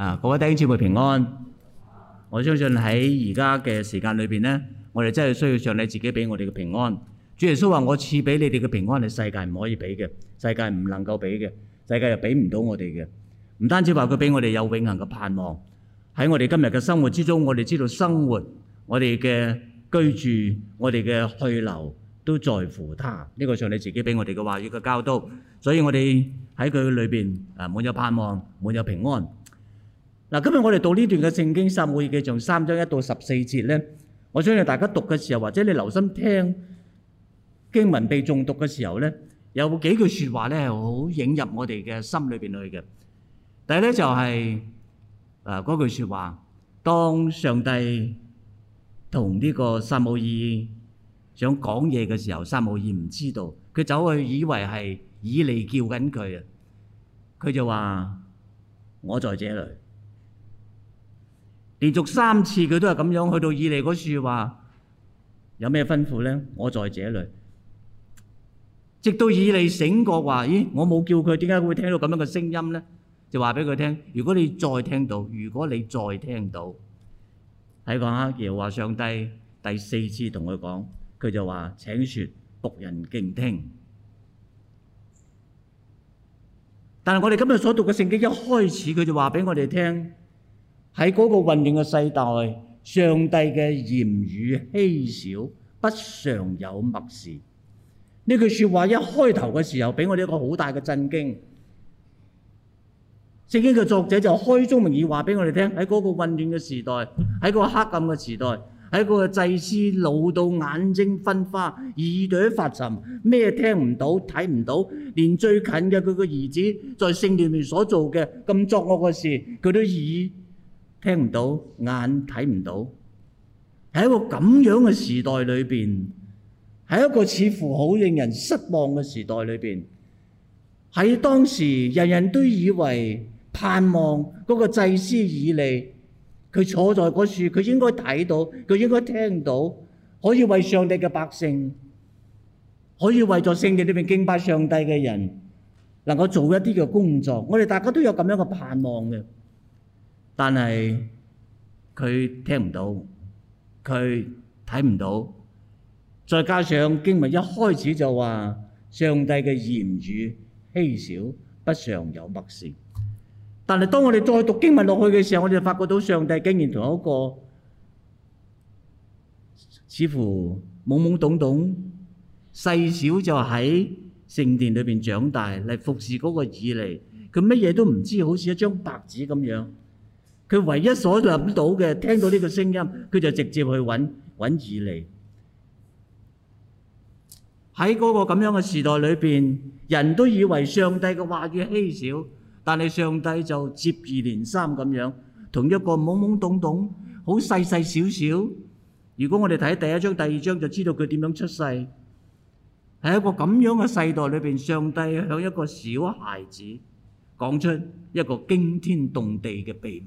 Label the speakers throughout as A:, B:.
A: 啊！各位弟兄姊妹平安，我相信喺而家嘅時間裏邊咧，我哋真係需要上帝自己俾我哋嘅平安。主耶穌話：我賜俾你哋嘅平安，係世界唔可以俾嘅，世界唔能夠俾嘅，世界又俾唔到我哋嘅。唔單止話佢俾我哋有永恆嘅盼望，喺我哋今日嘅生活之中，我哋知道生活、我哋嘅居住、我哋嘅去留都在乎他。呢、這個上帝自己俾我哋嘅話語嘅教導，所以我哋喺佢裏邊啊，滿有盼望，滿有平安。嗱，今日我哋到呢段嘅聖經，撒母耳記上三章一到十四節咧，我相信大家讀嘅時候，或者你留心聽經文被中毒嘅時候咧，有幾句説話咧係好映入我哋嘅心裏邊去嘅。第一咧就係誒嗰句説話，當上帝同呢個撒母耳想講嘢嘅時候，撒母耳唔知道，佢走去以為係以利叫緊佢啊，佢就話：我在這裡。連續三次佢都係咁樣，去到以利嗰處話：有咩吩咐咧？我在這裡。直到以利醒覺話：咦，我冇叫佢，點解會聽到咁樣嘅聲音咧？就話俾佢聽：如果你再聽到，如果你再聽到，喺講下，耶和華上帝第四次同佢講，佢就話：請説，僕人敬聽。但係我哋今日所讀嘅聖經一開始，佢就話俾我哋聽。喺嗰個混亂嘅世代，上帝嘅言語稀少，不常有默示。呢句説話一開頭嘅時候，俾我哋一個好大嘅震驚。聖經嘅作者就開宗明義話俾我哋聽：喺嗰個混亂嘅時代，喺個黑暗嘅時代，喺個祭司老到眼睛昏花、耳朵發沉，咩聽唔到、睇唔到，連最近嘅佢個兒子在聖殿裏所做嘅咁作惡嘅事，佢都已。聽唔到，眼睇唔到，喺一個咁樣嘅時代裏邊，喺一個似乎好令人失望嘅時代裏邊，喺當時人人都以為盼望嗰個祭司以利，佢坐在嗰處，佢應該睇到，佢應該聽到，可以為上帝嘅百姓，可以為咗聖地裏邊敬拜上帝嘅人，能夠做一啲嘅工作。我哋大家都有咁樣嘅盼望嘅。但係佢聽唔到，佢睇唔到，再加上經文一開始就話上帝嘅言語稀少，不常有默示。但係當我哋再讀經文落去嘅時候，我哋就發覺到上帝竟然同一個似乎懵懵懂懂、細小就喺聖殿裏邊長大嚟服侍嗰個以利，佢乜嘢都唔知，好似一張白紙咁樣。佢唯一所諗到嘅，聽到呢個聲音，佢就直接去揾揾以利，喺嗰個咁樣嘅時代裏邊，人都以為上帝嘅話語稀少，但係上帝就接二連三咁樣同一個懵懵懂懂、好細細少少。如果我哋睇第一章、第二章，就知道佢點樣出世。喺一個咁樣嘅世代裏邊，上帝向一個小孩子講出一個驚天動地嘅秘密。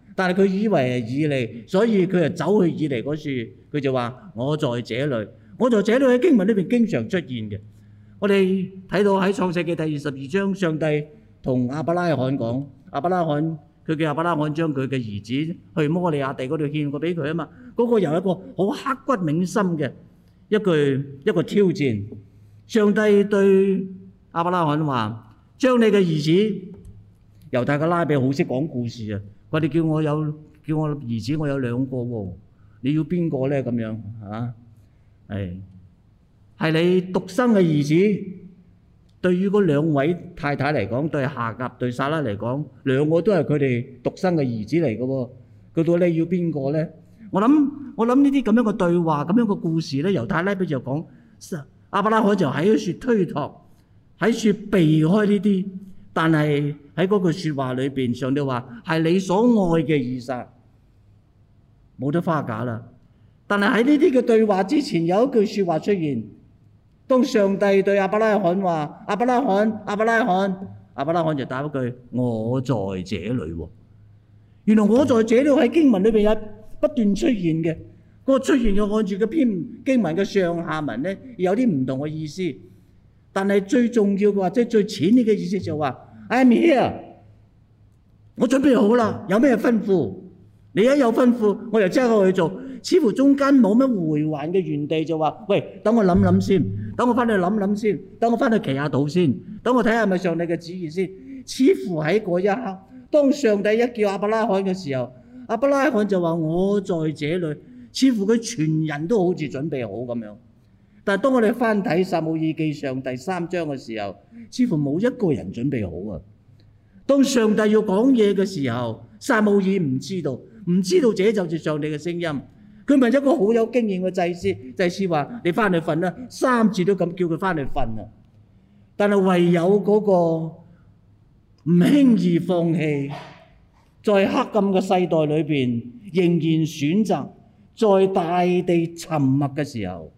A: 但係佢以為係以利，所以佢就走去以利嗰處。佢就話：我在這裡，我在這裡。喺經文裡邊經常出現嘅。我哋睇到喺創世記第二十二章，上帝同亞伯拉罕講：亞伯拉罕，佢叫亞伯拉罕將佢嘅兒子去摩利亞地嗰度獻過俾佢啊嘛。嗰個由一個好刻骨銘心嘅一句一個挑戰，上帝對亞伯拉罕話：將你嘅兒子。猶太嘅拉比好識講故事啊！「佢哋叫我有叫我兒子，我有兩個喎。你要邊個咧？咁樣啊？係係你獨生嘅兒子。對於嗰兩位太太嚟講，對夏甲、對撒拉嚟講，兩個都係佢哋獨生嘅兒子嚟嘅。佢到底要邊個咧？我諗，我諗呢啲咁樣嘅對話，咁樣嘅故事咧，猶太呢邊就講，阿伯拉罕就喺度說推托，喺度避開呢啲。但係喺嗰句説話裏邊，上帝話係你所愛嘅以撒，冇得花假啦。但係喺呢啲嘅對話之前，有一句説話出現。當上帝對亞伯拉罕話：亞伯拉罕，亞伯拉罕，亞伯拉罕，就答一句：我在這裡喎。原來我在這裡喺經文裏邊有不斷出現嘅。嗰個出現嘅按住嗰篇經文嘅上下文咧，有啲唔同嘅意思。但係最重要嘅話，即係最淺啲嘅意思就話：I'm here，我準備好啦，有咩吩咐？你一有吩咐，我就即刻去做。似乎中間冇乜回環嘅原地，就話：喂，等我諗諗先，等我翻去諗諗先，等我翻去祈下禱先，等我睇下咪上帝嘅旨意先。似乎喺嗰一刻，當上帝一叫阿伯拉罕嘅時候，阿伯拉罕就話：我在這裏。似乎佢全人都好似準備好咁樣。但係，當我哋翻睇撒母耳記上第三章嘅時候，似乎冇一個人準備好啊。當上帝要講嘢嘅時候，撒母耳唔知道，唔知道自己就係上帝嘅聲音。佢問一個好有經驗嘅祭司，祭司話：你翻去瞓啦，三次都咁叫佢翻去瞓啊。但係唯有嗰個唔輕易放棄，在黑暗嘅世代裏邊，仍然選擇在大地沉默嘅時候。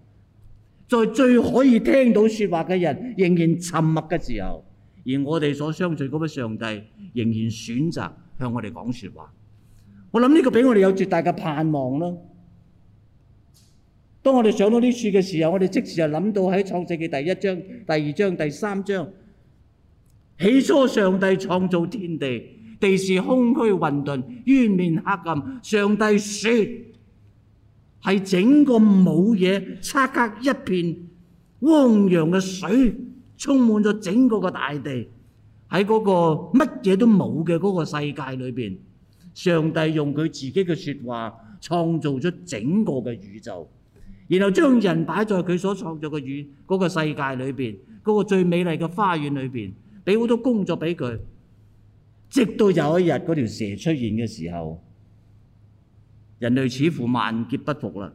A: 在最可以聽到説話嘅人仍然沉默嘅時候，而我哋所相信嗰位上帝仍然選擇向我哋講説話。我諗呢個俾我哋有絕大嘅盼望咯。當我哋上到呢處嘅時候，我哋即時就諗到喺創世記第一章、第二章、第三章。起初上帝創造天地，地是空虛混沌，淵面黑暗。上帝説。係整個冇嘢，漆黑一片汪洋嘅水，充滿咗整個個大地。喺嗰個乜嘢都冇嘅嗰個世界裏邊，上帝用佢自己嘅説話創造咗整個嘅宇宙，然後將人擺在佢所創造嘅宇嗰個世界裏邊，嗰個最美麗嘅花園裏邊，俾好多工作俾佢，直到有一日嗰條蛇出現嘅時候。人類似乎萬劫不復啦！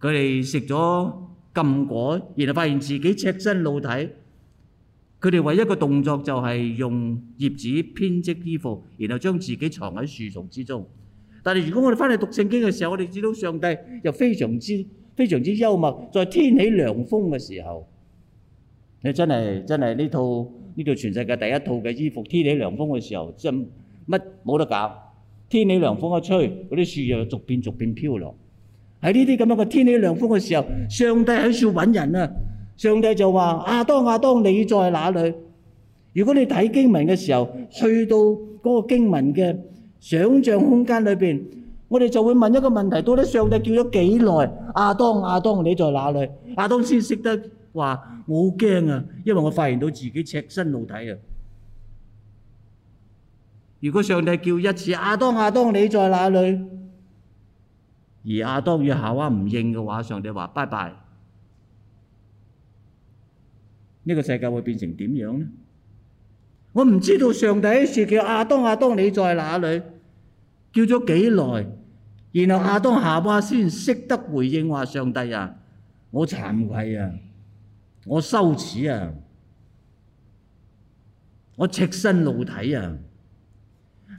A: 佢哋食咗禁果，然後發現自己赤身露體。佢哋唯一一個動作就係用葉子編織衣服，然後將自己藏喺樹叢之中。但係如果我哋翻去讀聖經嘅時候，我哋知道上帝又非常之非常之幽默。在天起涼風嘅時候，你真係真係呢套呢套全世界第一套嘅衣服。天起涼風嘅時候，真乜冇得搞。天氣涼風一吹，嗰啲樹又逐片逐片飄落。喺呢啲咁樣嘅天氣涼風嘅時候，上帝喺處揾人啊！上帝就話：「阿當，阿當，你在哪裏？」如果你睇經文嘅時候，去到嗰個經文嘅想像空間裏邊，我哋就會問一個問題：「到底上帝叫咗幾耐？阿當，阿當，你在哪裏？」阿當先識得話：「我好驚啊，因為我發現到自己赤身露體啊！如果上帝叫一次阿當，阿當，你在哪裡，而阿當與夏娃唔應嘅話，上帝話拜拜，呢個世界會變成點樣呢？我唔知道上帝是叫阿當，阿當，你在哪裡，叫咗幾耐，然後阿當夏娃先識得回應話，上帝啊，我慚愧啊，我羞恥啊，我赤身露體啊。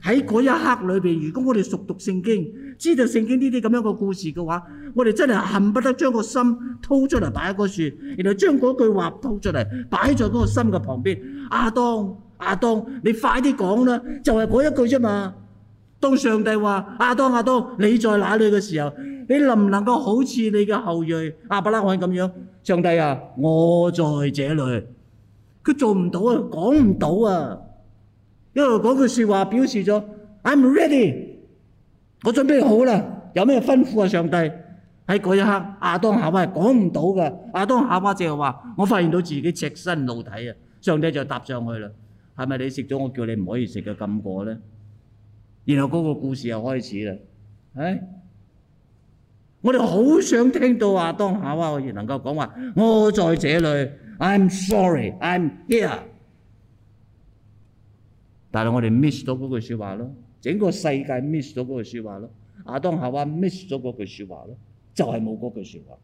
A: 喺嗰一刻裏邊，如果我哋熟讀聖經，知道聖經呢啲咁樣個故事嘅話，我哋真係恨不得將個心掏出嚟擺喺個樹，然後將嗰句話掏出嚟擺在嗰個心嘅旁邊。阿當，阿當，你快啲講啦，就係嗰一句啫嘛。當上帝話阿當，阿當，你在哪裡嘅時候，你能唔能夠好似你嘅後裔阿伯拉罕咁樣？上帝啊，我在這裡。佢做唔到啊，講唔到啊。因為嗰講句説話表示咗，I'm ready，我準備好啦。有咩吩咐啊？上帝喺嗰一刻，阿當夏娃講唔到嘅。阿當夏娃就話：我發現到自己赤身露體啊！上帝就搭上去啦。係咪你食咗我叫你唔可以食嘅禁果咧？然後嗰個故事又開始啦。唉、哎，我哋好想聽到阿當夏娃我亦能夠講話，我在這裡。I'm sorry，I'm here。但係我哋 miss 咗嗰句説話咯，整個世界 miss 咗嗰句説話咯，亞當夏娃 miss 咗嗰句説話咯，就係冇嗰句説話。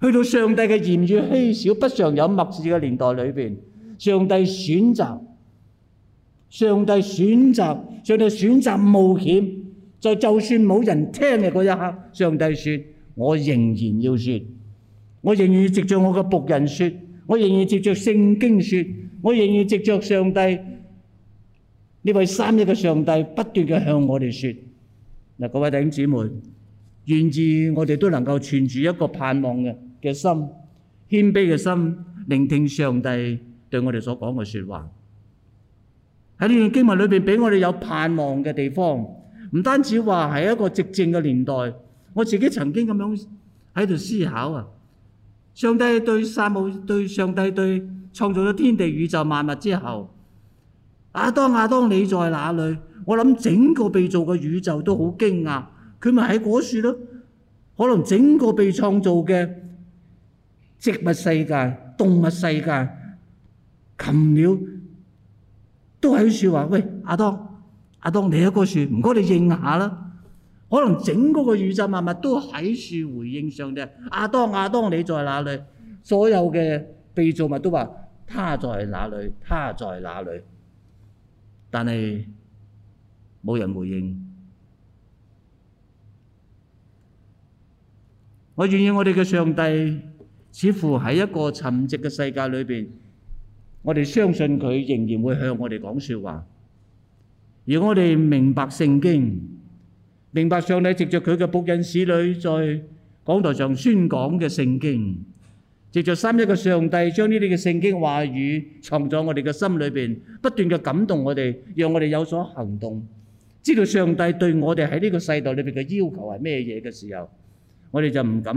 A: 去到上帝嘅言語稀少、不常有默示嘅年代裏邊，上帝選擇，上帝選擇，上帝選擇冒險，在就算冇人聽嘅嗰一刻，上帝説：我仍然要説，我仍然要藉著我嘅僕人説，我仍然藉著聖經説。我仍然藉着上帝，呢位三一嘅上帝，不斷嘅向我哋説：嗱，各位弟兄姊妹，願意我哋都能夠存住一個盼望嘅嘅心，謙卑嘅心，聆聽上帝對我哋所講嘅説話。喺呢段經文裏邊，俾我哋有盼望嘅地方，唔單止話係一個寂靜嘅年代。我自己曾經咁樣喺度思考啊，上帝對撒母對上帝對。創造咗天地宇宙萬物，物之後，亞當亞當，你在哪裏？我諗整個被造嘅宇宙都好驚訝，佢咪喺果樹咯？可能整個被創造嘅植物世界、動物世界、禽鳥都喺樹話，喂，亞當亞當，你喺個樹，唔該你應下啦。可能整個個宇宙萬物，物都喺樹回應上嘅。亞當亞當，你在哪裏？所有嘅被造物都話。他在哪裏？他在哪裏？但係冇人回應。我願意我哋嘅上帝似乎喺一個沉寂嘅世界裏邊，我哋相信佢仍然會向我哋講說話。而我哋明白聖經，明白上帝藉著佢嘅僕人使女在講台上宣講嘅聖經。藉著三一嘅上帝將呢啲嘅聖經話語藏在我哋嘅心裏邊，不斷嘅感動我哋，讓我哋有所行動。知道上帝對我哋喺呢個世代裏邊嘅要求係咩嘢嘅時候，我哋就唔敢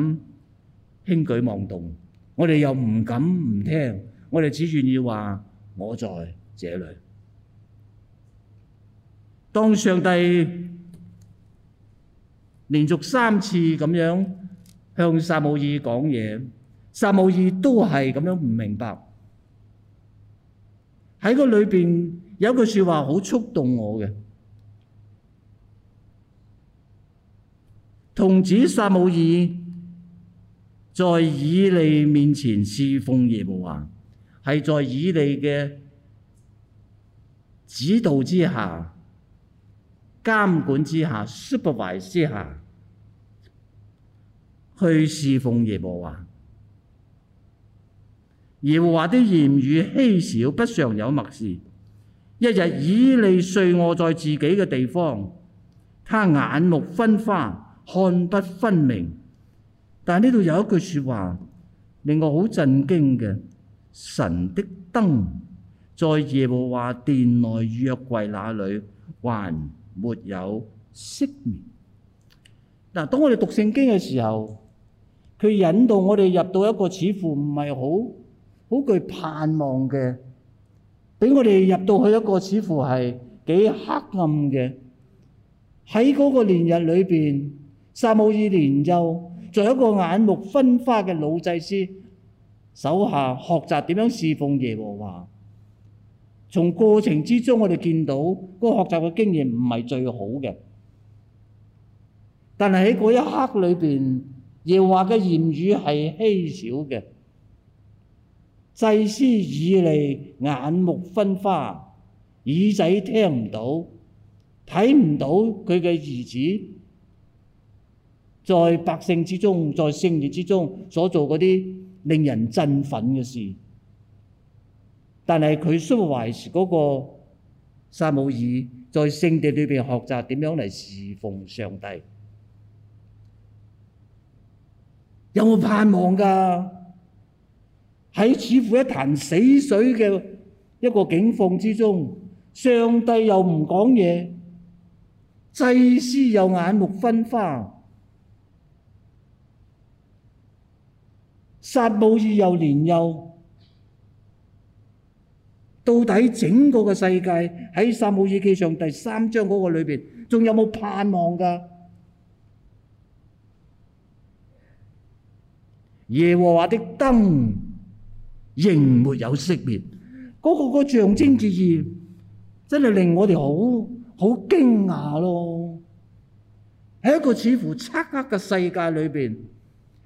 A: 輕舉妄動。我哋又唔敢唔聽，我哋只願意話我在這裏。當上帝連續三次咁樣向撒母耳講嘢。撒母耳都係咁樣唔明白，喺個裏邊有句說話好觸動我嘅。童子撒母耳在以利面前侍奉耶和華，係在以利嘅指導之下，監管之下、supervise 之下，去侍奉耶和華。耶和華的言語稀少，不常有默示。一日以利睡臥在自己嘅地方，他眼目昏花，看不分明。但呢度有一句說話令我好震驚嘅：神的燈在耶和華殿內約櫃那裏還沒有熄滅。嗱，當我哋讀聖經嘅時候，佢引導我哋入到一個似乎唔係好。好具盼望嘅，俾我哋入到去一個似乎係幾黑暗嘅。喺嗰個年日裏邊，撒母耳年幼，在一個眼目昏花嘅老祭司手下學習點樣侍奉耶和華。從過程之中，我哋見到嗰、那個學習嘅經驗唔係最好嘅，但係喺嗰一刻裏邊，耶和華嘅言語係稀少嘅。祭司以利眼目昏花，耳仔聽唔到，睇唔到佢嘅兒子在百姓之中，在聖殿之中所做嗰啲令人振奮嘅事。但係佢說話時嗰個撒母耳，在聖地裏邊學習點樣嚟侍奉上帝，有冇盼望噶？喺似乎一潭死水嘅一個境況之中，上帝又唔講嘢，祭司又眼目昏花，撒母耳又年幼，到底整個嘅世界喺撒母耳記上第三章嗰個裏邊，仲有冇盼望㗎？耶和華的燈，仍沒有熄滅，嗰個個象徵意義真係令我哋好好驚訝咯！喺一個似乎漆黑嘅世界裏邊，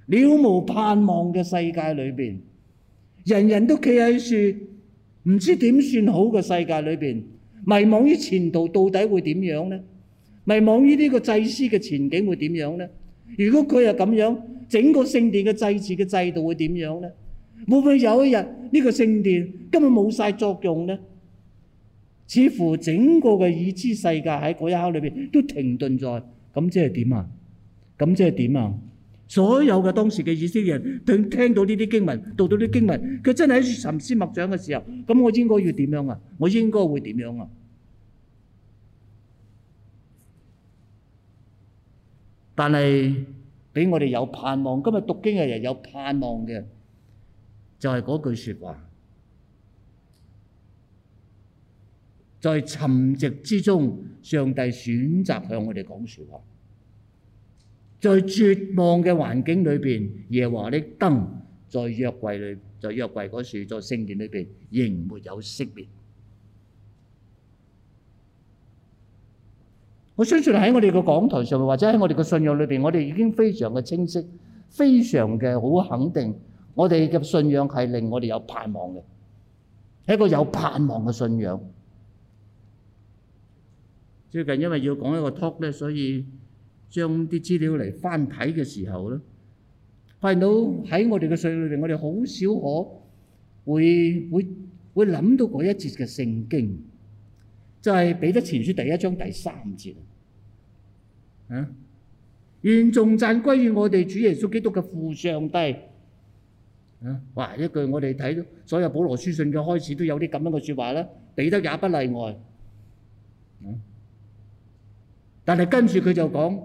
A: 了無盼望嘅世界裏邊，人人都企喺樹，唔知點算好嘅世界裏邊，迷惘於前途到底會點樣呢？迷惘於呢個祭司嘅前景會點樣呢？如果佢又咁樣，整個聖殿嘅祭祀嘅制度會點樣呢？會唔會有一日呢個聖殿根本冇晒作用咧？似乎整個嘅已知世界喺嗰一刻裏邊都停頓咗。咁即係點啊？咁即係點啊？所有嘅當時嘅以色列人等聽到呢啲經文，讀到呢啲經文，佢真係喺沉思默想嘅時候，咁我應該要點樣啊？我應該會點樣啊？但係俾我哋有盼望，今日讀經嘅人有盼望嘅。就係嗰句説話，在沉寂之中，上帝選擇向我哋講説話，在絕望嘅環境裏邊，耶和華的燈在約櫃裏，在約櫃嗰處，在聖殿裏邊，仍沒有熄滅。我相信喺我哋嘅講台上，或者喺我哋嘅信仰裏邊，我哋已經非常嘅清晰，非常嘅好肯定。我哋嘅信仰係令我哋有盼望嘅，係一個有盼望嘅信仰。最近因為要講一個 talk 咧，所以將啲資料嚟翻睇嘅時候咧，發現到喺我哋嘅信裏邊，我哋好少可會會會諗到嗰一節嘅聖經，就係彼得前書第一章第三節啊！願頌讚歸於我哋主耶穌基督嘅父上帝。啊！哇！一句我哋睇到所有保羅書信嘅開始都有啲咁樣嘅說話啦，彼得也不例外。嗯，但係跟住佢就講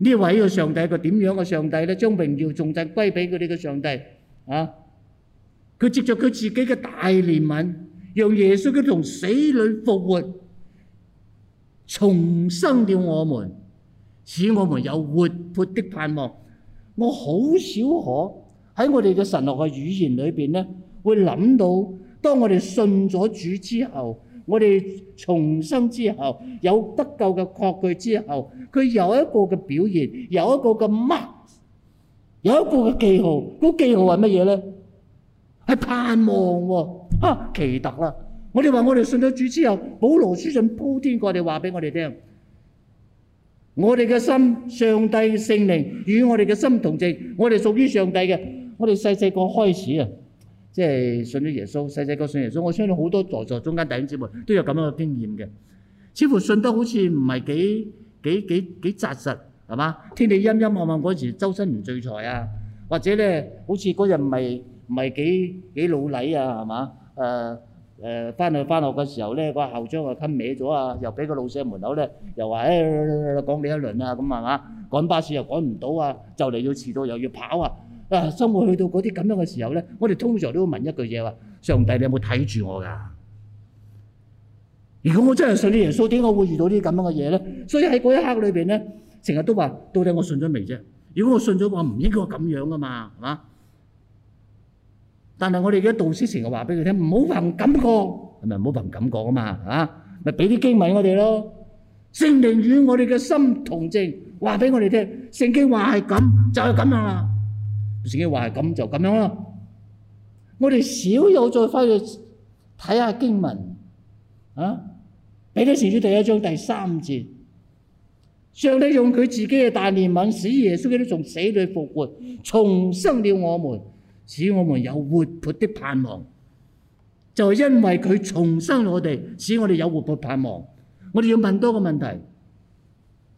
A: 呢位嘅上帝，佢係個點樣嘅上帝咧？將榮耀頌讚歸俾佢哋嘅上帝啊！佢藉著佢自己嘅大憐憫，讓耶穌佢從死裏復活，重生了我們，使我們有活潑的盼望。我好少可喺我哋嘅神學嘅語言裏邊咧，會諗到當我哋信咗主之後，我哋重生之後，有得救嘅確據之後，佢有一個嘅表現，有一個嘅 mark，有一個嘅記號。嗰記號係乜嘢咧？係盼望喎、啊啊，奇特啦！我哋話我哋信咗主之後，保羅書信鋪天蓋地話俾我哋聽。我哋嘅心，上帝聖靈與我哋嘅心同證，我哋屬於上帝嘅。我哋細細個開始啊，即係信咗耶穌，細細個信耶穌。我相信好多在座中間弟兄姊妹都有咁樣嘅經驗嘅，似乎信得好似唔係幾幾幾幾紮實，係嘛？天氣陰陰暗暗嗰時，周身唔聚財啊，或者咧好似嗰日唔係唔係幾幾老禮啊，係嘛？誒。誒翻、呃、去翻學嘅時候咧，個校長又吞歪咗啊，又俾個老師喺門口咧，又話誒、欸呃呃、講你一輪啊咁係嘛？趕巴士又趕唔到啊，就嚟要遲到又要跑啊！啊，生活去到嗰啲咁樣嘅時候咧，我哋通常都會問一句嘢話：上帝，你有冇睇住我㗎？如果我真係信耶穌，點解會遇到啲咁樣嘅嘢咧？所以喺嗰一刻裏邊咧，成日都話：到底我信咗未啫？如果我信咗，我唔應該咁樣㗎嘛？係嘛？但係我哋嘅導師成日話俾佢聽，唔好憑感覺，係咪唔好憑感覺啊嘛？嚇，咪俾啲經文我哋咯。聖靈與我哋嘅心同證，話俾我哋聽，聖經話係咁就係咁啊嘛。聖經話係咁就咁樣咯。我哋少有再翻去睇下經文啊。彼得前書第一章第三節，上帝用佢自己嘅大憐憫，使耶穌基督從死裏復活，重生了我們。使我們有活潑的盼望，就係、是、因為佢重生我哋，使我哋有活潑盼望。我哋要問多個問題，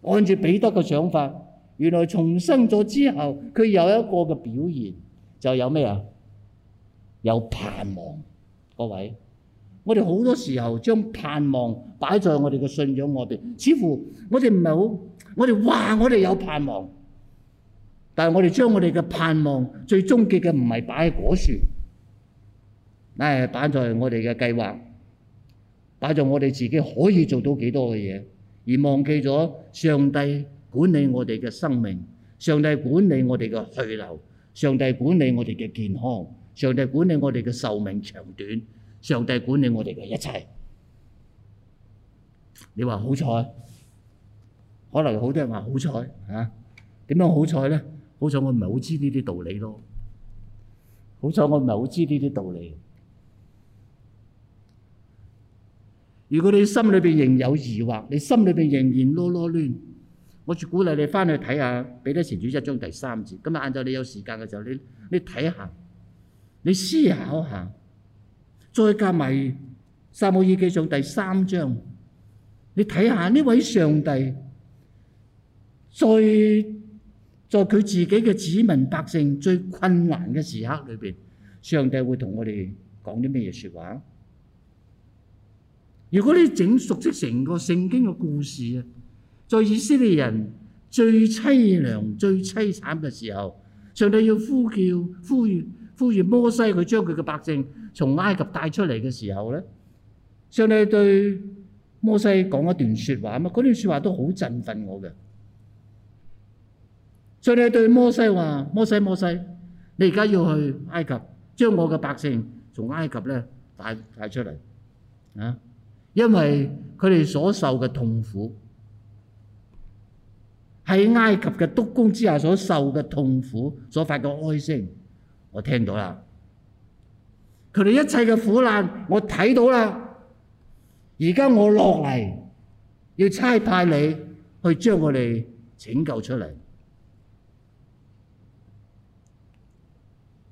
A: 按住彼得嘅想法，原來重生咗之後，佢有一個嘅表現，就是、有咩啊？有盼望，各位，我哋好多時候將盼望擺在我哋嘅信仰外邊，似乎我哋唔係好，我哋話我哋有盼望。但係我哋將我哋嘅盼望最終極嘅唔係擺喺果樹，唉，擺在我哋嘅計劃，擺在我哋自己可以做到幾多嘅嘢，而忘記咗上帝管理我哋嘅生命，上帝管理我哋嘅去留，上帝管理我哋嘅健康，上帝管理我哋嘅壽命長短，上帝管理我哋嘅一切。你話好彩，可能好多人話好彩啊，點樣好彩咧？好彩我唔係好知呢啲道理咯。好彩我唔係好知呢啲道理。如果你心裏邊仍有疑惑，你心裏邊仍然囉囉攣，我就鼓勵你翻去睇下，彼得前書一章第三節。今日晏晝你有時間嘅時候，你你睇下，你思考下，再加埋撒母耳記上第三章，你睇下呢位上帝再，在佢自己嘅子民百姓最困難嘅時刻裏邊，上帝會同我哋講啲咩嘢說話？如果你整熟悉成個聖經嘅故事啊，在以色列人最凄涼、最淒慘嘅時候，上帝要呼叫、呼籲、呼籲摩西，佢將佢嘅百姓從埃及帶出嚟嘅時候咧，上帝對摩西講一段說話啊嘛，嗰段說話都好振奮我嘅。所以你對摩西話：摩西，摩西，你而家要去埃及，將我嘅百姓從埃及咧帶帶出嚟啊！因為佢哋所受嘅痛苦，喺埃及嘅督工之下所受嘅痛苦，所發嘅哀聲，我聽到啦。佢哋一切嘅苦難，我睇到啦。而家我落嚟要差派你去將我哋拯救出嚟。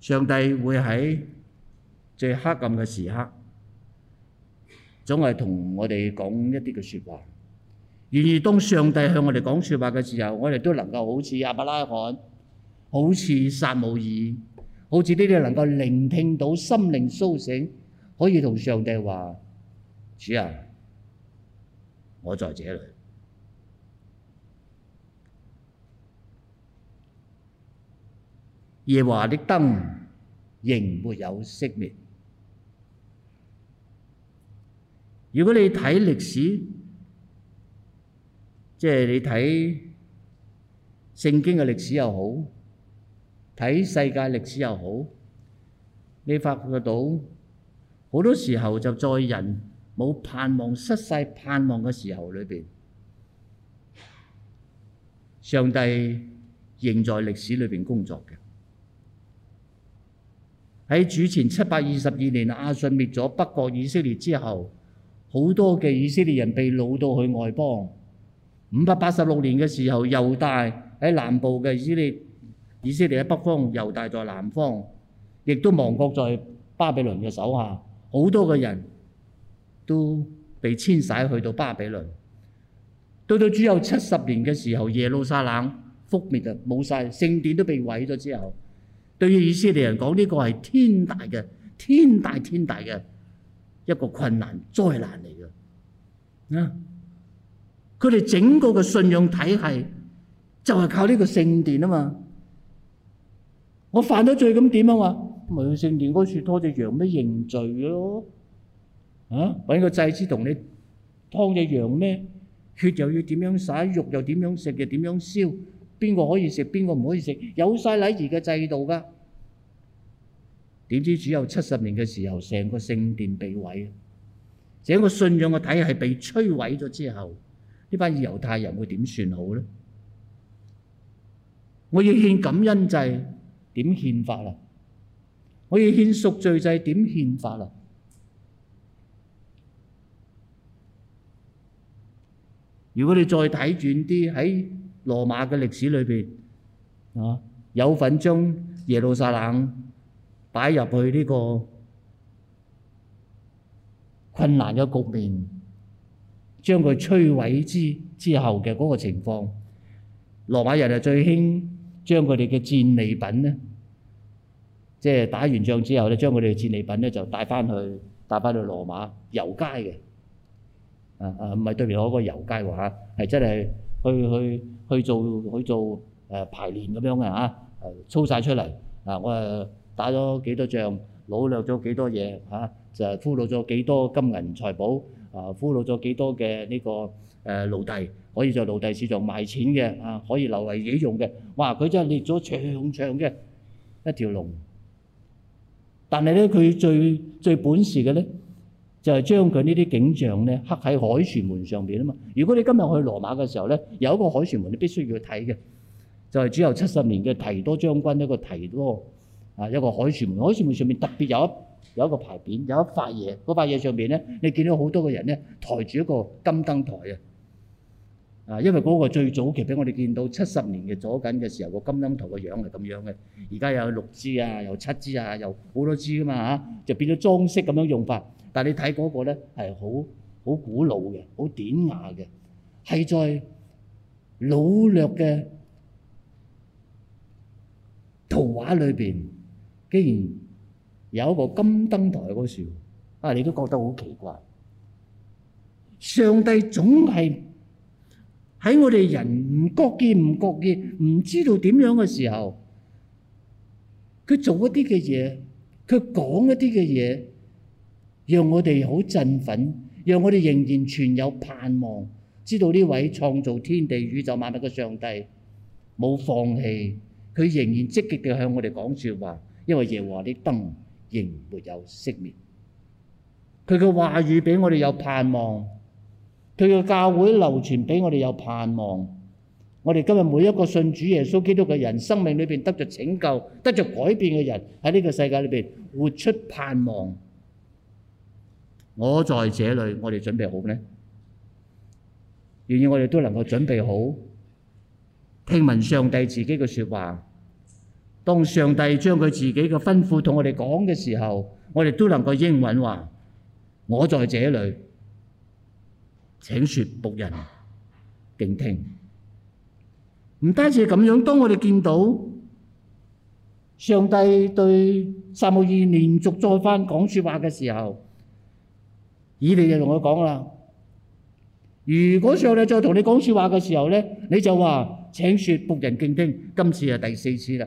A: 上帝會喺最黑暗嘅時刻，總係同我哋講一啲嘅説話。然而當上帝向我哋講説話嘅時候，我哋都能夠好似亞伯拉罕，好似撒母耳，好似呢啲能夠聆聽到心靈甦醒，可以同上帝話：「主啊，我在這裏。」耶華的燈仍沒有熄滅。如果你睇歷史，即係你睇聖經嘅歷史又好，睇世界歷史又好，你發覺到好多時候就，在人冇盼望、失晒盼望嘅時候裏邊，上帝仍在歷史裏邊工作嘅。喺主前七百二十二年，亞述滅咗北國以色列之後，好多嘅以色列人被擄到去外邦。五百八十六年嘅時候，猶大喺南部嘅以色列，以色列喺北方，猶大在南方，亦都亡國在巴比倫嘅手下，好多嘅人都被遷徙去到巴比倫。到到主後七十年嘅時候，耶路撒冷覆滅就冇晒，聖殿都被毀咗之後。對於以色列人講，呢個係天大嘅、天大天大嘅一個困難災難嚟嘅。啊，佢哋整個嘅信用體系就係靠呢個聖殿啊嘛。我犯咗罪咁點啊嘛？咪去聖殿嗰處拖隻羊咩認罪咯？啊，揾個祭司同你劏隻羊咩？血又要點樣灑，肉又點樣食，又點樣燒？邊個可以食，邊個唔可以食，有晒禮儀嘅制度㗎。點知只有七十年嘅時候，成個聖殿被毀啊！成個信仰嘅體系被摧毀咗之後，呢班猶太人會點算好咧？我要獻感恩祭，點獻法啊？我要獻贖罪祭，點獻法啊？如果你再睇遠啲喺～羅馬嘅歷史裏邊，啊有份將耶路撒冷擺入去呢個困難嘅局面，將佢摧毀之之後嘅嗰個情況，羅馬人啊最興將佢哋嘅戰利品呢，即係打完仗之後咧，將佢哋嘅戰利品呢就帶翻去，帶翻去羅馬遊街嘅。啊啊唔係對面嗰個遊街喎嚇，係真係去去。去去做去做誒、呃、排練咁樣嘅嚇，操晒出嚟啊！我、呃、誒打咗幾多仗，擄掠咗幾多嘢嚇，就、啊、俘虜咗幾多金銀財寶啊！俘虜咗幾多嘅呢個誒奴隸，可以在奴隸市場賣錢嘅啊，可以留為己用嘅。哇！佢真係列咗長長嘅一條龍，但係咧，佢最最本事嘅咧。就係將佢呢啲景象咧刻喺凱旋門上邊啊嘛！如果你今日去羅馬嘅時候咧，有一個凱旋門你必須要睇嘅，就係只有七十年嘅提多將軍一個提多啊一個凱旋門。凱旋門上面特別有一有一個牌匾，有一塊嘢嗰塊嘢上邊咧，你見到好多個人咧抬住一個金燈台啊！啊，因為嗰個最早期俾我哋見到七十年嘅左近嘅時候個金燈台個樣係咁樣嘅，而家有六支啊，有七支啊，有好多支噶嘛嚇，就變咗裝飾咁樣用法。但你睇嗰個咧，係好好古老嘅，好典雅嘅，係在努略嘅圖畫裏邊，竟然有一個金燈台嗰時，啊！你都覺得好奇怪。上帝總係喺我哋人唔覺見、唔覺見、唔知道點樣嘅時候，佢做一啲嘅嘢，佢講一啲嘅嘢。讓我哋好振奮，讓我哋仍然存有盼望，知道呢位創造天地宇宙萬物嘅上帝冇放棄，佢仍然積極地向我哋講說話。因為耶和華啲燈仍沒有熄滅，佢嘅話語俾我哋有盼望，佢嘅教會流傳俾我哋有盼望。我哋今日每一個信主耶穌基督嘅人，生命裏邊得著拯救、得著改變嘅人，喺呢個世界裏邊活出盼望。我在這裏，我哋準備好咧。願意我哋都能夠準備好聽聞上帝自己嘅說話。當上帝將佢自己嘅吩咐同我哋講嘅時候，我哋都能夠應允話：我在這裏，請說僕人敬聽。唔單止咁樣，當我哋見到上帝對撒母耳連續再番講說話嘅時候。以利就同我講啦，如果上帝再同你講說話嘅時候咧，你就話請說僕人敬聽。今次係第四次啦。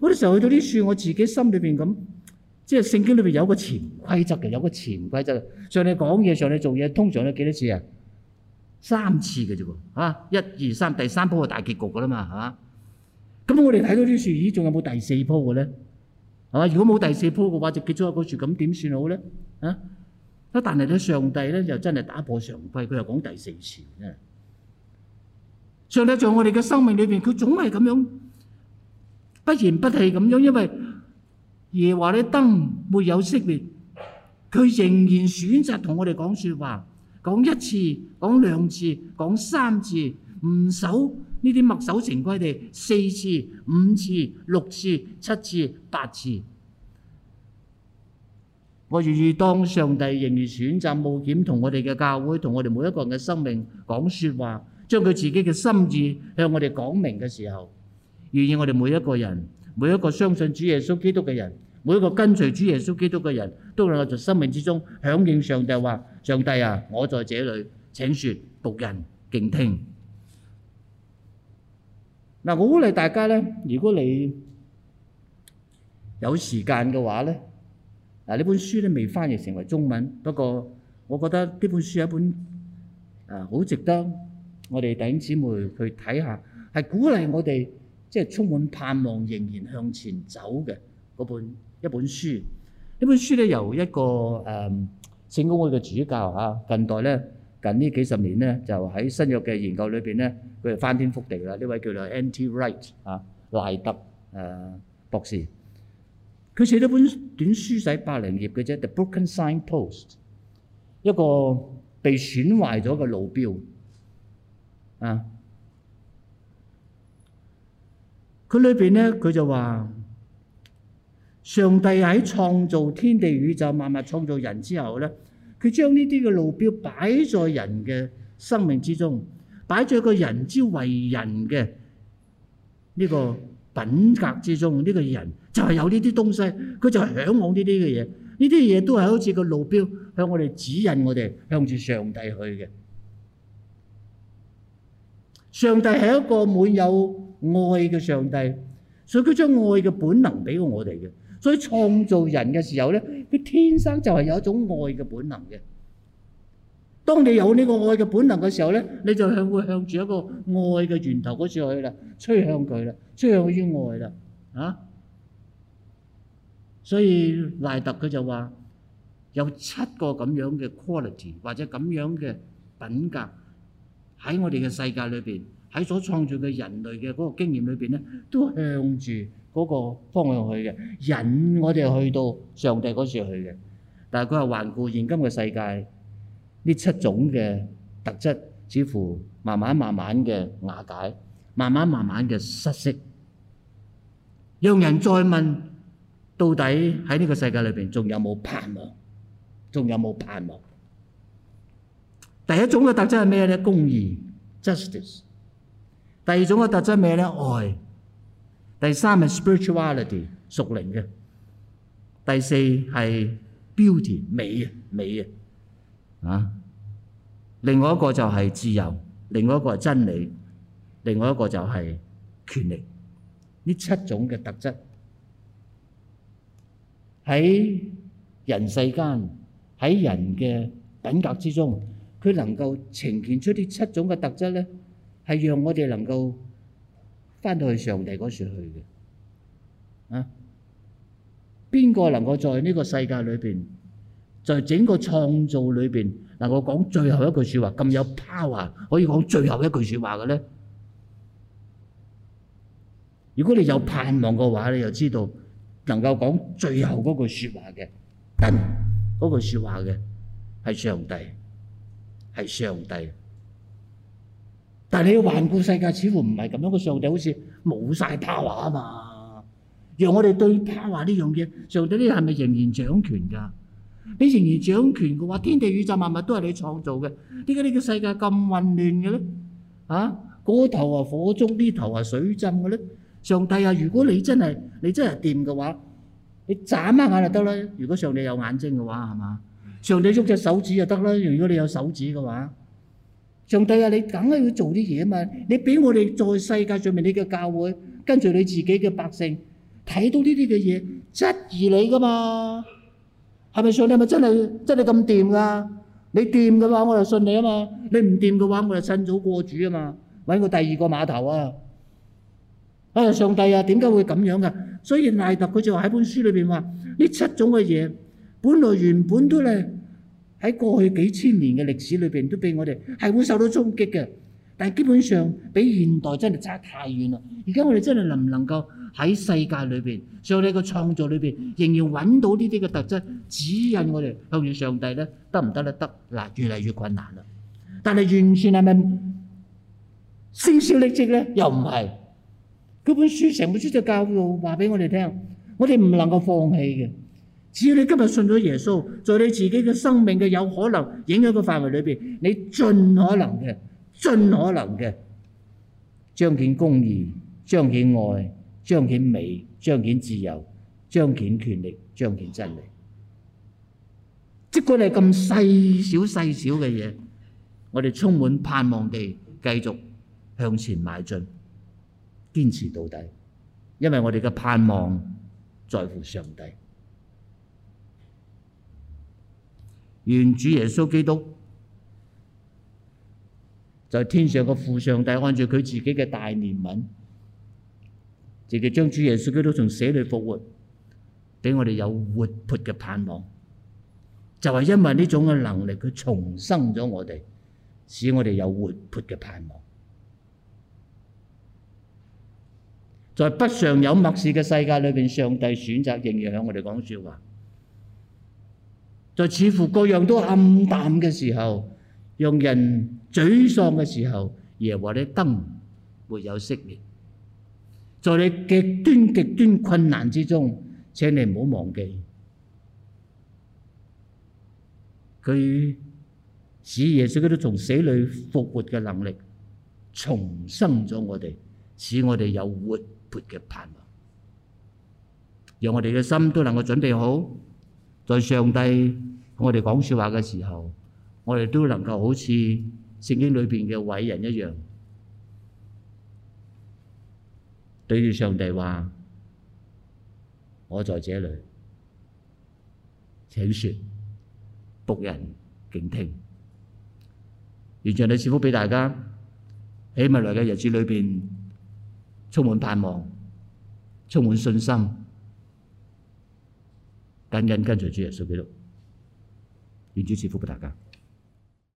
A: 嗰啲時候去到啲樹，我自己心裏邊咁，即係聖經裏邊有個潛規則嘅，有個潛規則。上帝講嘢，上帝做嘢，通常都幾多次啊？三次嘅啫喎，一二三，第三鋪就大結局噶啦嘛，啊。咁我哋睇到啲樹，咦，仲有冇第四鋪嘅咧？係嘛，如果冇第四鋪嘅話，就結咗一個樹，咁點算好咧？啊？一但係對上帝咧，就真係打破常規，佢又講第四次嘅。上帝在我哋嘅生命裏邊，佢總係咁樣不言不棄咁樣，因為耶和華嘅燈沒有熄滅，佢仍然選擇同我哋講説話，講一次，講兩次，講三次，唔守呢啲墨守成規地四次、五次、六次、七次、八次。我願意當上帝仍然選擇冒險同我哋嘅教會同我哋每一個人嘅生命講說話，將佢自己嘅心意向我哋講明嘅時候，願意我哋每一個人、每一個相信主耶穌基督嘅人、每一個跟隨主耶穌基督嘅人都能夠在生命之中響應上帝話：上帝啊，我在這裏，請說，僕人敬聽。嗱，我鼓勵大家咧，如果你有時間嘅話咧。嗱，呢本書咧未翻譯成為中文，不過我覺得呢本書係一本誒好值得我哋弟兄姊妹去睇下，係鼓勵我哋即係充滿盼望仍然向前走嘅嗰本一本書。呢本書咧由一個誒聖公會嘅主教嚇，近代咧，近呢幾十年咧就喺新約嘅研究裏邊咧，佢哋翻天覆地啦！呢位叫做 N.T. Wright，嚇賴特誒博士。佢寫咗本短書仔，百零頁嘅啫，《The Broken Signpost》，一個被損壞咗嘅路標。啊！佢裏邊咧，佢就話：上帝喺創造天地宇宙、萬物創造人之後咧，佢將呢啲嘅路標擺在人嘅生命之中，擺在一個人之為人嘅呢、這個。品格之中，呢、這個人就係有呢啲東西，佢就係嚮往呢啲嘅嘢。呢啲嘢都係好似個路標，向我哋指引我哋向住上帝去嘅。上帝係一個滿有愛嘅上帝，所以佢將愛嘅本能俾我哋嘅。所以創造人嘅時候咧，佢天生就係有一種愛嘅本能嘅。當你有呢個愛嘅本能嘅時候咧，你就向會向住一個愛嘅源頭嗰處去啦，吹向佢啦，吹向於愛啦，啊！所以賴特佢就話有七個咁樣嘅 quality 或者咁樣嘅品格喺我哋嘅世界裏邊，喺所創造嘅人類嘅嗰個經驗裏邊咧，都向住嗰個方向去嘅，引我哋去到上帝嗰處去嘅。但係佢係環顧現今嘅世界。呢七種嘅特質，似乎慢慢慢慢嘅瓦解，慢慢慢慢嘅失色，讓人再問到底喺呢個世界裏邊仲有冇盼望？仲有冇盼望？第一種嘅特質係咩咧？公義 （justice）。第二種嘅特質係咩咧？愛。第三係 spirituality，屬靈嘅。第四係 beauty，美啊，美啊。啊！另外一個就係自由，另外一個係真理，另外一個就係權力。呢七種嘅特質喺人世間，喺人嘅品格之中，佢能夠呈現出啲七種嘅特質咧，係讓我哋能夠翻到去上帝嗰處去嘅。啊！邊個能夠在呢個世界裏邊？在整個創造裏邊，能夠講最後一句説話，咁有 power 可以講最後一句説話嘅咧。如果你有盼望嘅話，你就知道能夠講最後嗰句説話嘅，嗰句説話嘅係上帝，係上帝。但係你環顧世界，似乎唔係咁樣。個上帝好似冇晒 power 啊嘛。若我哋對 power 呢樣嘢，上帝呢係咪仍然掌權㗎？你仍然掌權嘅話，天地宇宙萬物都係你創造嘅，點解呢個世界咁混亂嘅咧？啊，嗰、那個、頭啊火燭，呢、那個、頭啊水浸嘅咧？上帝啊，如果你真係你真係掂嘅話，你眨下眼就得啦。如果上帝有眼睛嘅話，係嘛？上帝喐隻手指就得啦。如果你有手指嘅話，上帝啊，你梗係要做啲嘢啊嘛！你俾我哋在世界上面你嘅教會，跟住你自己嘅百姓睇到呢啲嘅嘢，質疑你㗎嘛？係咪上帝？咪真係咁掂噶？你掂嘅話，我就信你啊嘛。 你唔掂嘅話，我就趁早過主啊嘛。揾個第二個碼頭啊！哎呀，上帝啊，點解會咁樣噶？所以賴特佢就喺本書裏邊話：呢 七種嘅嘢，本來原本都係喺過去幾千年嘅歷史裏邊都俾我哋係會受到衝擊嘅。但係基本上比現代真係差太遠啦！而家我哋真係能唔能夠喺世界裏邊，喺有你嘅創造裏邊，仍然揾到呢啲嘅特質指引我哋向住上帝咧，得唔得咧？得嗱，越嚟越困難啦！但係完全係咪聲嘶力竭咧？又唔係。嗰本書成本書就教導話俾我哋聽，我哋唔能夠放棄嘅。只要你今日信咗耶穌，在你自己嘅生命嘅有可能影響嘅範圍裏邊，你盡可能嘅。盡可能嘅彰顯公義、彰顯愛、彰顯美、彰顯自由、彰顯權力、彰顯真理。即管你係咁細小、細小嘅嘢，我哋充滿盼望地繼續向前邁進，堅持到底，因為我哋嘅盼望在乎上帝。願主耶穌基督。在天上嘅父上帝按住佢自己嘅大憐憫，自己將主耶穌基督從死裏復活，俾我哋有活潑嘅盼望。就係因為呢種嘅能力，佢重生咗我哋，使我哋有活潑嘅盼望。在不常有默示嘅世界裏邊，上帝選擇仍然響我哋講說話。在似乎各樣都暗淡嘅時候。用人沮喪嘅時候，耶和嘅燈沒有熄滅。在你極端極端困難之中，請你唔好忘記，佢使耶穌基督從死裏復活嘅能力重生咗我哋，使我哋有活潑嘅盼望。讓我哋嘅心都能夠準備好，在上帝同我哋講説話嘅時候。我哋都能夠好似聖經裏邊嘅偉人一樣，對住上帝話：我在這裏。請説，僕人敬聽。願主賜福俾大家喺未來嘅日子裏邊充滿盼望，充滿信心，緊緊跟隨主耶穌基督，願主賜福俾大家。